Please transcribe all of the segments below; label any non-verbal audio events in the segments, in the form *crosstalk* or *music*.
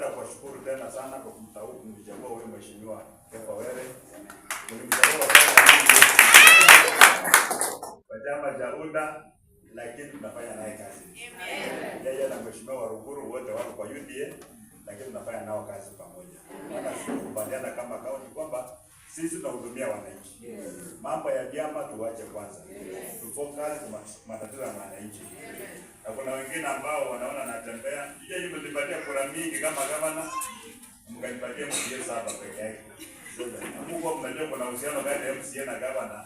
Napenda kuwashukuru tena sana kwa kumtau kumchagua huyu mheshimiwa Kepa Were. kwa chama cha UDA, lakini tunafanya naye kazi. Amen. Yeye na mheshimiwa Waruguru wote wako kwa UDA, lakini tunafanya nao kazi pamoja. Maana tunakubaliana kama kaunti kwamba sisi tunahudumia wananchi. Mambo ya vyama tuwache kwanza. tufokas Tufocus matatizo ya wananchi. Na kuna wengine ambao wanaona natembea, je, yeye mlipatia kura mingi kama gavana? Mkanipatia mjie saba peke yake. Mungu mnajua kuna uhusiano kati ya MCA na gavana.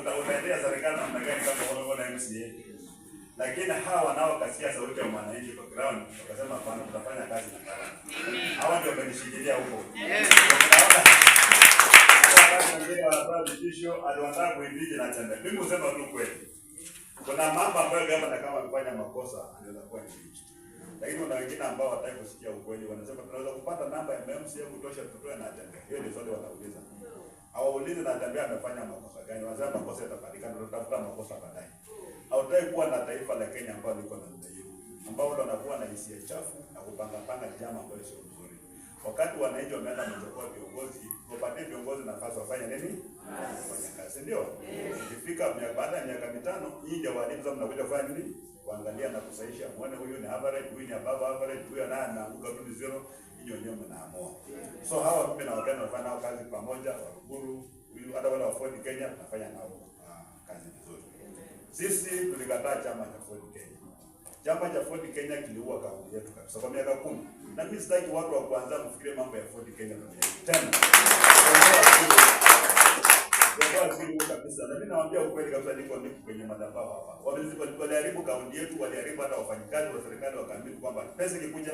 Utaendea serikali namna gani kama unaona MCA? Lakini hawa wanaokasikia sauti ya mwananchi kwa ground wakasema, hapana, tutafanya kazi na gavana. Hawa ndio wamenishikilia huko. Yes mwisho aliandaa kuiviji na tenda. Mimi husema tu kweli. Kuna mambo ambayo gavana kama amefanya makosa anaweza kuwa ni hicho. Lakini kuna wengine ambao wataki kusikia ukweli, wanasema tunaweza kupata namba ya MMC ya kutosha tutoe na tenda. Hiyo ndio swali watauliza. Hawaulizi na tenda amefanya makosa gani? Wanasema makosa yatapatikana, tutafuta makosa baadaye. Hautaki kuwa na taifa la Kenya ambalo liko na namna hiyo. Ambao ndio wanakuwa na hisia chafu na kupanga panga jambo ambalo sio mzuri. Wakati wananchi wameenda mchokoti viongozi, wapatie viongozi nafasi wafanye nini? kufanya kazi, ndio ikifika baada ya miaka mitano hii ndio walimu sasa mnakuja kufanya nini? Kuangalia na kusahihisha, muone huyu ni average, huyu ni above average, huyu naye anaanguka tu vizuri, hiyo ndio mnaamua. So hawa mimi na wageni nao kazi pamoja, Waruguru huyu, hata wale wa Ford Kenya tunafanya nao ah, kazi vizuri. Sisi tulikataa chama cha Ford Kenya. Chama cha Ford Kenya kiliua kauli yetu kabisa kwa miaka kumi. Na mimi sitaki watu wa kuanza kufikiria mambo ya Ford Kenya tena kabisa. Na mimi nawaambia ukweli kabisa, niko niko kwenye madhabahu hapa. Waliharibu kaunti yetu, waliharibu hata wafanyikazi wa serikali wakaambiwa kwamba pesa ikikuja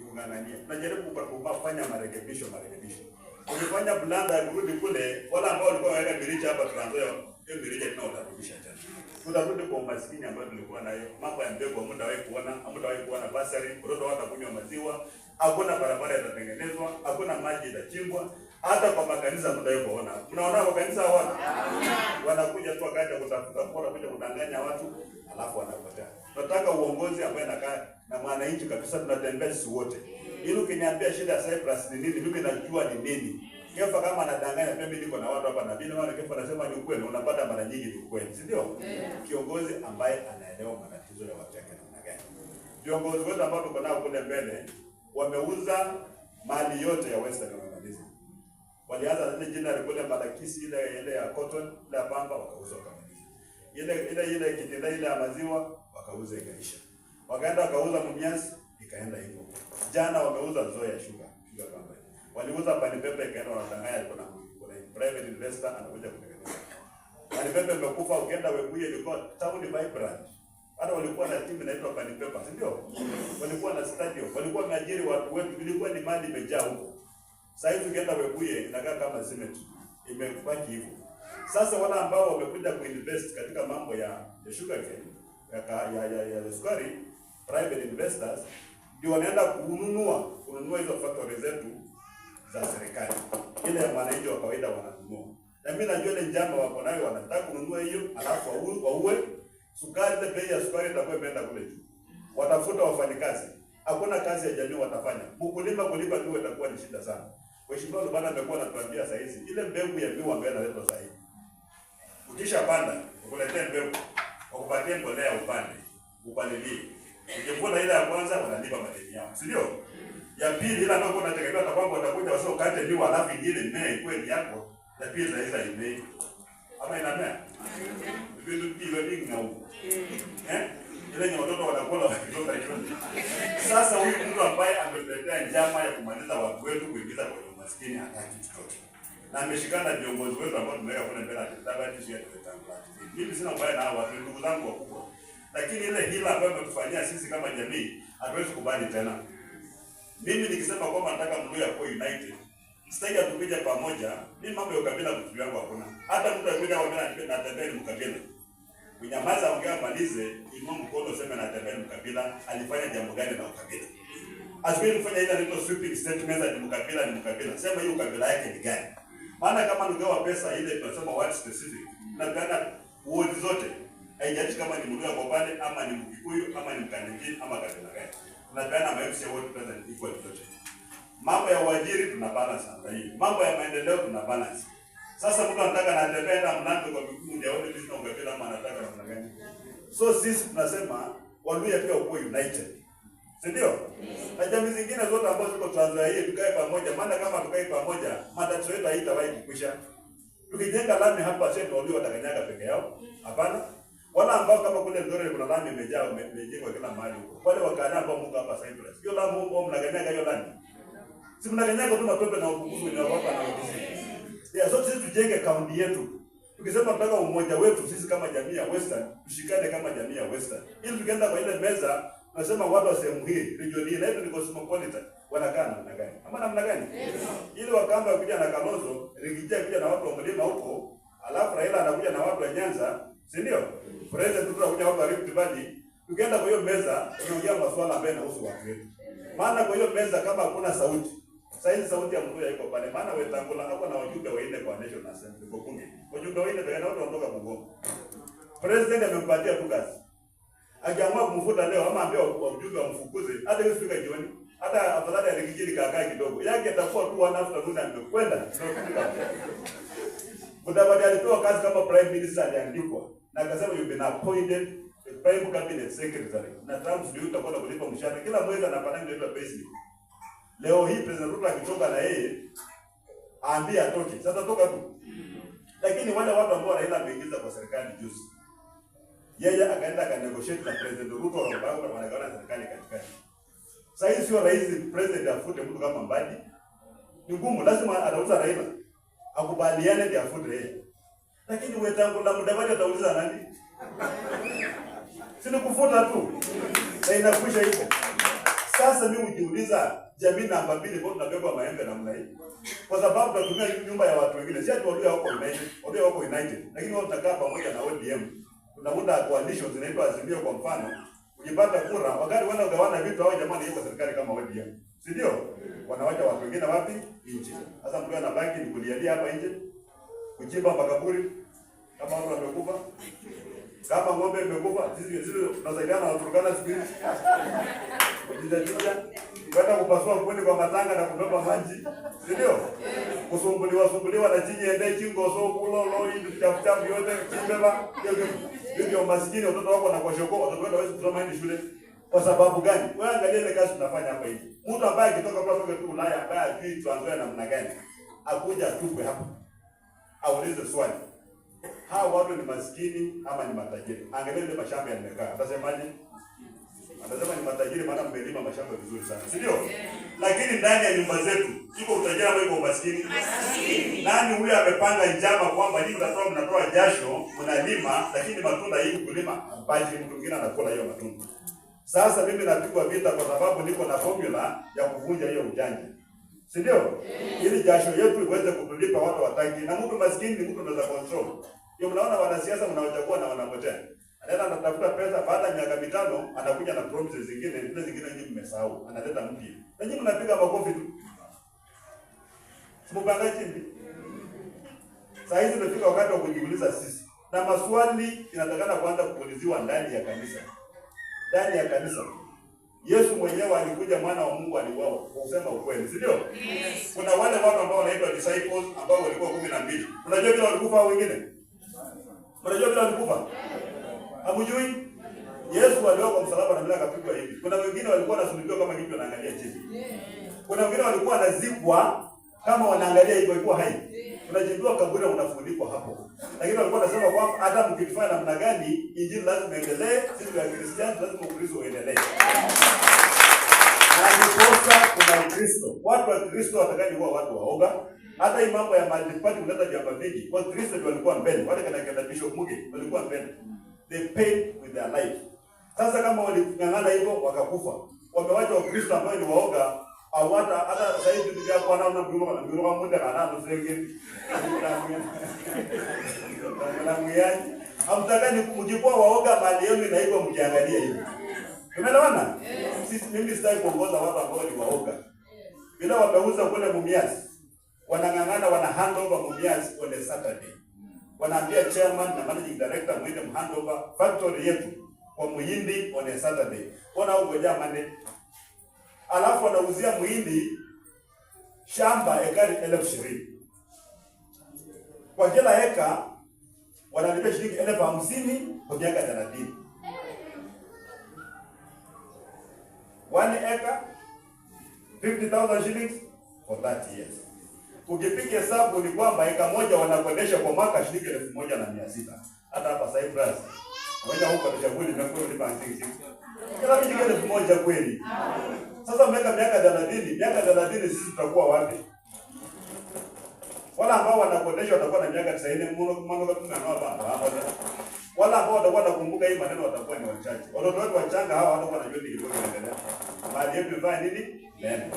ikung'ang'ania. Tunajaribu kufanya marekebisho, marekebisho. Ukifanya blanda ya kurudi kule, wala ambao walikuwa waweka birija hapa tunaanza hiyo birija tena tena. Tutarudi kwa umaskini ambayo tulikuwa nayo. Mambo ya mbegu hamtawahi kuona, hamtawahi kuona basari, watoto hawatakunywa maziwa, hakuna barabara itatengenezwa, hakuna maji itachimbwa hata kwa makanisa mtaye kuona. Mnaona kwa kanisa hawana? Wanakuja tu akaja kutafuta mbona kuja kudanganya watu alafu wanapotea. Tunataka uongozi ambaye anakaa na mwananchi kabisa, tunatembea sisi wote. Ili ukiniambia shida ya Cyprus ni nini, mimi najua ni nini. Kefa kama anadanganya pia mimi niko na watu hapa na bila maana, Kefa anasema ni ukweli, unapata mara nyingi ni ukweli, si ndio? Kiongozi ambaye anaelewa matatizo ya watu yake namna gani. Viongozi wetu ambao tuko nao kule mbele wameuza mali yote ya Western Union Walianza ile jina alikuwa ile malakisi ile ile ya cotton ile pamba wakauza kamili. Ile ile ile kitenda ile ya maziwa wakauza ikaisha. Wakaenda wakauza mnyasi ikaenda hivyo. Jana wameuza zoe ya shuka shuka pamba. Waliuza pale pepe ikaenda wanadanganya kuna kuna private investor anakuja kutengeneza. Pale pepe imekufa ukienda Webuye ilikuwa town vibrant. Hata walikuwa na timu inaitwa pani pepe, si ndio? Walikuwa na stadium, walikuwa wameajiri watu wetu, ilikuwa ni mali imejaa huko. Sasa hivi ukienda Webuye inakaa kama cement Imekubaki hivyo. Sasa wale ambao wamekuja kuinvest katika mambo ya, ya sugarcane ya, ya, ya, ya, ya sukari private investors ndio wanaenda kununua kununua hizo factory zetu za serikali, ile ya mwananchi wa kawaida wananunua, na mimi najua ile njama wako nayo, wanataka kununua hiyo alafu wauwe sukari. Ile bei ya sukari itakuwa imeenda kule juu, watafuta wafanyikazi, hakuna kazi ya jamii watafanya, mkulima kulipa tu itakuwa ni shida sana. Mheshimiwa Lubana amekuwa anatuambia saa hizi ile mbegu ya miwa ambayo inaletwa saa hizi. Ukisha panda, ukuletee mbegu, wakupatie mbolea upande, upalilie. Ukivuna ile ya kwanza wanalipa madeni yao, si ndio? Ya pili ile ambayo unategemea na kwamba watakuja wasio kate miwa alafu ingine mmea ikuwe ni yako, na pia saa hizi haimei. Ama inamea? Vitu vile vingi na huko. Mm. Eh? Ile watoto wanakula wakitoka shule. Sasa huyu maskini hataki chochote. Na ameshikana viongozi wetu ambao tumeweka kule mbele ya tabani sio tutatangua. Mimi sina ubaya na hawa ni ndugu zangu wakubwa. Lakini ile hila ambayo ametufanyia sisi kama jamii hatuwezi kubali tena. Mimi nikisema kwamba nataka ya kwa united. Sitaki atupige pamoja. Mimi mambo ya ukabila mtu yangu hakuna. Hata mtu akija kwa mimi natembea ni mkabila. Kunyamaza ongea malize, inua mkono sema natembea ni mkabila, alifanya jambo gani na ukabila? Asikwenda kufanya ile anaitwa sweeping statement za mkabila ni mkabila. Sema hiyo kabila yake ni gani? Maana kama ungewa pesa ile tunasema what specific. Na kana word zote. Haijalishi kama ni Mluya kwa pale ama ni Mkikuyu ama ni mkanyiki ama kabila gani. Na kana maelfu ya word pesa ni equal zote. Mambo ya uajiri tuna balance hapa hii. Mambo ya maendeleo tuna balance. Sasa mtu anataka na atapenda mnato kwa vikundi ya wote tunongea kila mara anataka namna gani. So sisi tunasema Waluya pia uko united si ndio? Na yes. Jamii zingine zote ambazo ziko Tanzania hii tukae pamoja, maana kama tukae pamoja matatizo yetu haitawahi kukwisha. Tukijenga lami hapa sio ndio watakanyaga peke yao. Hapana. Wala ambao kama kule Ndore kuna lami imejaa imejengwa kila mahali huko. Wale wakana ambao Mungu hapa Cyprus. Hiyo lami huko mnakanyaga hiyo lami. Si mnakanyaga tu matope na ukungu na hapa na ukungu. Ya sote sisi tujenge kaunti yetu. Tukisema tunataka umoja wetu sisi kama jamii ya Western, tushikane kama jamii ya Western. Ili tukienda kwa ile meza nasema watu wa sehemu hii, region hii na hivi ni cosmopolitan, wanakaa namna gani? Ama namna gani? Yes. Ile wakamba kuja na Kalonzo, Rigija kuja na watu wa mlima huko, alafu Raila anakuja na watu wa Nyanza, si ndio? President tu watu wa Rift Valley. Tukienda kwa hiyo meza, tunaongea masuala ambayo yanahusu watu wetu. Maana kwa hiyo meza kama hakuna sauti, sasa sauti ya mtu iko pale, maana Wetangula hapo na wajumbe waende kwa National Assembly kwa bunge. Wajumbe waende ndio wanaotoka Bungoma. President amempatia tu kazi akiamua kumfuta leo ama ambia wa mjumbe wamfukuze, hata hiyo sifika jioni, hata afadhali alikijili kakaa kidogo yake, atakuwa tu one afternoon amekwenda. *laughs* Mudavadi alipewa kazi kama prime minister, aliandikwa na akasema you've been appointed the prime cabinet secretary, na Trump ndio utakuwa na kulipa mshahara kila mwezi, anapanda ndio ile pesa. Leo hii President Ruto akitoka na yeye aambie atoke sasa, toka tu. Lakini wale watu ambao Raila ameingiza kwa serikali juzi yeye akaenda ka negotiate na President Ruto wa na kwa na serikali katikati. Sasa hii sio rahisi president afute mtu kama Mbadi. Ni ngumu, lazima atauza Raila. Akubaliane ndio afute yeye. Lakini wewe tangu na muda wake atauliza nani? Sina kufuta tu. Na inakwisha hivyo. Sasa mimi hujiuliza jamii namba mbili kwa tunabeba maembe namna hii? Kwa sababu tunatumia nyumba ya watu wengine. Sio tu wao wako united, wao wako united. Lakini wao tutakaa pamoja na ODM wa coalition zinaitwa azimio, kwa mfano ujipata kura, wakati wenda ugawana vitu hao, jamani, yuko serikali kama wewe pia, si ndio? Wanawacha watu wengine wapi? Nje. Sasa mkiwa na ni kulialia hapa nje, kuchimba makaburi kama watu wamekufa, kama ng'ombe imekufa, sisi sisi tunasaidiana na Turkana siku hizi kwenda kupasua kuni kwa matanga na kubeba maji, si ndio? Kusumbuliwa sumbuliwa na chinyi endei chingo so kulo lo hii chafu chafu yote chimbeba hivyo maskini watoto wako na kwashoko watoto wako hawezi kusoma hili shule kwa sababu gani? Wewe angalia ile kazi tunafanya hapa hivi. Mtu ambaye akitoka kwa sababu tu Ulaya ambaye ajui tuanzoe namna gani, akuja tupwe hapa aulize swali, hawa watu ni maskini ama ni matajiri? Angalia ile mashamba yamekaa, utasemaje? Anasema ni matajiri maana mmelima mashamba vizuri sana. Si ndio? Lakini ndani ya nyumba zetu iko utajiri ama iko umaskini? Nani huyo amepanga njama kwamba hii mtatoa mnatoa jasho, mnalima lakini matunda hii kulima bali mtu mwingine anakula hiyo matunda. Sasa mimi napigwa vita kwa sababu niko na formula ya kuvunja hiyo ujanja. Si ndio? Ili jasho yetu iweze kutulipa watu watangi, na mtu maskini ni mtu anaweza control. Ndio mnaona wanasiasa mnaochagua na wanapotea anaenda anatafuta pesa, baada ya miaka mitano anakuja na promises zingine, zile zingine nyinyi mmesahau, analeta mpya na nyinyi mnapiga makofi tu. Simupanga chini. Sasa hizi tumefika wakati wa kujiuliza sisi, na maswali inatakana kuanza kuuliziwa ndani ya kanisa, ndani ya kanisa. Yesu mwenyewe alikuja, mwana wa Mungu aliuawa, kwa kusema ukweli, si ndio? Yes. Kuna wale watu ambao wanaitwa disciples ambao walikuwa 12. Unajua bila walikufa wengine? Unajua bila walikufa? Hamjui? Yesu aliwa kwa msalaba na bila kapigwa hivi. Kuna wengine walikuwa wanasulubiwa kama kitu wanaangalia chini. Kuna wengine walikuwa wanazikwa kama wanaangalia hivyo ilikuwa hai. Unajidua kaburi unafunikwa hapo. Lakini walikuwa wanasema kwamba hata mkifanya namna gani injili lazima iendelee, sisi wa Kristo lazima Ukristo uendelee. Na ndiposa kuna Ukristo. Watu wa Kristo watakaji kuwa watu waoga. Hata hii mambo ya madipati unaweza vyama vingi, Kwa Kristo ndio walikuwa mbele. Wale kana kana Bishop Muge walikuwa mbele they paid with their life. Sasa kama waling'ang'ana hivyo wakakufa, wamewacha Wakristo ambao ni waoga awata hata zaidi ndio kwa namna mdumo na mdumo muda kana ndo zenge na mwiani hamtakani mjikuwa waoga mali yenu na hivyo mjiangalia hivi umeelewana sisi mimi sitaki kuongoza watu ambao ni waoga bila wameuza kwenda mumias wanang'ang'ana wana hand over mumias on a Saturday wanaambia chairman na managing director mwende mhandover factory yetu kwa muhindi on a Saturday. Ona ugoja mane. Alafu anauzia muhindi shamba ekari elfu ishirini kwa kila heka, wanalipa shilingi elfu hamsini kwa miaka thelathini. One acre 50,000 shillings for 30 years. Ukipiga hesabu ni kwamba eka moja wanakodesha kwa mwaka shilingi elfu moja na mia sita. Hata hapa Cyprus. Wenda huko kwa shabuni na kwa lipa antizi. Kila kitu kile elfu moja kweli. Sasa mweka miaka 30, miaka 30 sisi tutakuwa wapi? Wala ambao wanakodesha watakuwa na miaka 90 mmoja mmoja kama hapa hapa. Wala ambao watakuwa wanakumbuka hii maneno watakuwa ni wachache. Watoto wetu wachanga hawa watakuwa wanajua nilikuwa ninaendelea. Baadhi yetu vaa nini? Neno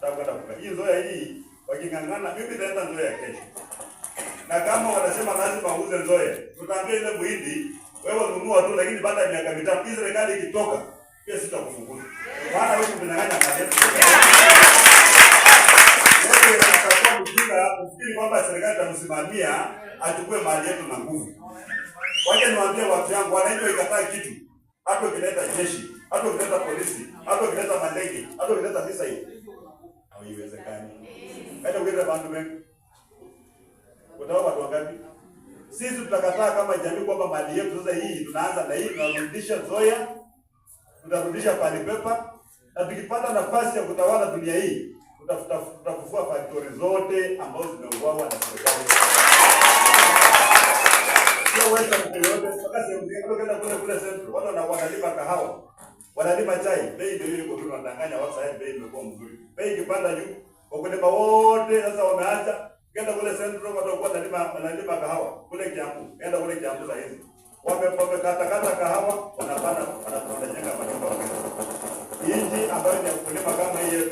tutakwenda kuka. Hii zoya hii waking'ang'ana, mimi nitaenda Nzoia kesho, na kama wanasema lazima uuze zoya, tutaambia ile muhindi, wewe nunua tu, lakini baada ya miaka mitatu hii serikali ikitoka, pia sitakufukuza, maana wewe unang'ang'ana kufikiri kwamba serikali itamsimamia achukue mali yetu na nguvu. Wacha niwaambie watu yangu, wananchi kitu, hata ukileta jeshi, hata ukileta polisi, hata ukileta mandege, hata ukileta haiwezekani. Hata ukenda bandu wengi utaona watu wangapi? Sisi tutakataa kama jamii kwamba mali yetu sasa hii tunaanza na hii tunarudisha Zoya, tutarudisha Pali Pepa, na tukipata nafasi ya kutawala dunia hii tutafufua faktori zote ambazo zimeuawa na serikali. Sio wewe mtu yote, mpaka sehemu zingine kule kule central, watu wanakuwa kahawa wanalima chai, bei ndio ile kwa wanadanganya watu. Sasa bei imekuwa mzuri, bei ikipanda juu, wakulima wote sasa wameacha. Kenda kule Central watakuwa wanalima wanalima kahawa kule Kiambu, kenda kule Kiambu sasa hizi wame wamekata kata kata kahawa, wanapanda wanapanda wanajenga manyumba. Nchi ambayo ni mkulima kama hiyo,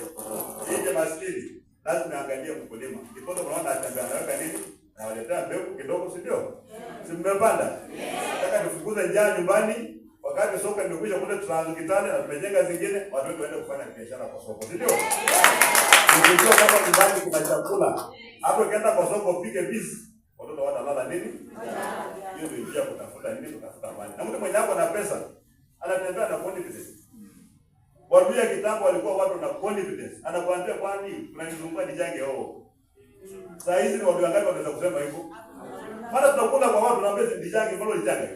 nchi maskini, lazima angalie mkulima, ndipo tunaona atembea anaweka nini na waletea mbegu kidogo, si ndio? Si mmepanda nataka nifukuze njaa nyumbani turudishe kule, tutaanzikitane na tumejenga zingine, watu wetu waende kufanya biashara kwa soko, si ndio? Ukijua kama nyumbani kuna chakula, hapo ukienda kwa soko upige bizi, watoto watalala nini? Hiyo ndio njia kutafuta nini, kutafuta mali. Na mtu mwenye hapo na pesa anatembea na confidence. Waambia kitambo walikuwa watu na confidence, anakuambia kwani unanizunguka nijage hoho. Saa hizi ni watu wangapi wanaweza kusema hivyo? Mara tunakula kwa watu na pesa nijage, mbona nijage?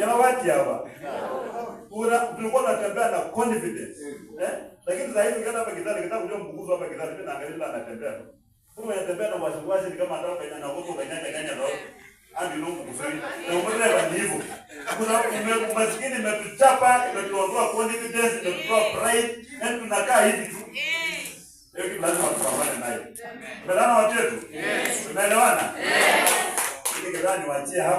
Yanawati hawa. Una tulikuwa tunatembea na confidence. Eh? Lakini sasa hivi hapa kidhani kitabu ndio mbuguzo hapa kidhani tena angalia anatembea. Kama anatembea na wasiwasi ni kama anataka kanyana na kanyana kanyana kanya roho. Hadi ndio mbuguzo. Na umeona hapa ni hivyo. Kuna maskini imetuchapa, imetuondoa confidence, imetutoa pride, na yaani tunakaa hivi tu. Hiyo kitu lazima tupambane nayo. Tunaelewana watu wetu? Yes. Tunaelewana? Yes. Ili kidhani waachie